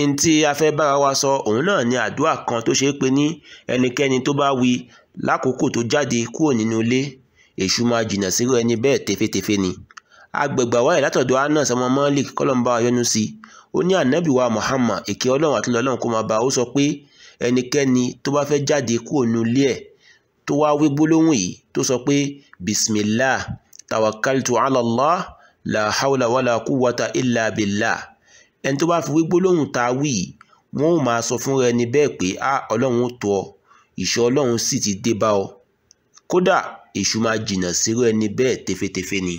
n tí a fẹ́ bára wa sọ òun náà ni àdúrà kan tó ṣe é pé ní ẹnikẹ́ni tó bá wí lákòókò tó jáde kúrò nínú ilé èṣù máa jìnnà sírò ẹni bẹ́ẹ̀ tefetefe ni agbègbè àwáyé látọ̀dọ̀ Anas ọmọ Malik kọ́lọ́mbà ayọ́nu sí ó ní ànábì wa Muhammad èké ọlọ́run àti ọlọ́run kó máa bá ó sọ pé ẹnikẹ́ni tó bá fẹ́ jáde kúrò nínú ilé ẹ̀ tó wá wí gbólóhùn yìí tó sọ pé bismillah tawakkaltu ala Allah la hawla wala quwwata illa billah ẹni tó bá fi wí gbólóhùn tá a wí yìí wọn ò máa sọ fúnra ẹni bẹ́ẹ̀ pé a ọlọ́run ó tọ ọ ìṣọ́ ọlọ́run sì ti dé bá ọ kódà èṣù máa jìnnà sírú ẹni bẹ́ẹ̀ tefetefe ni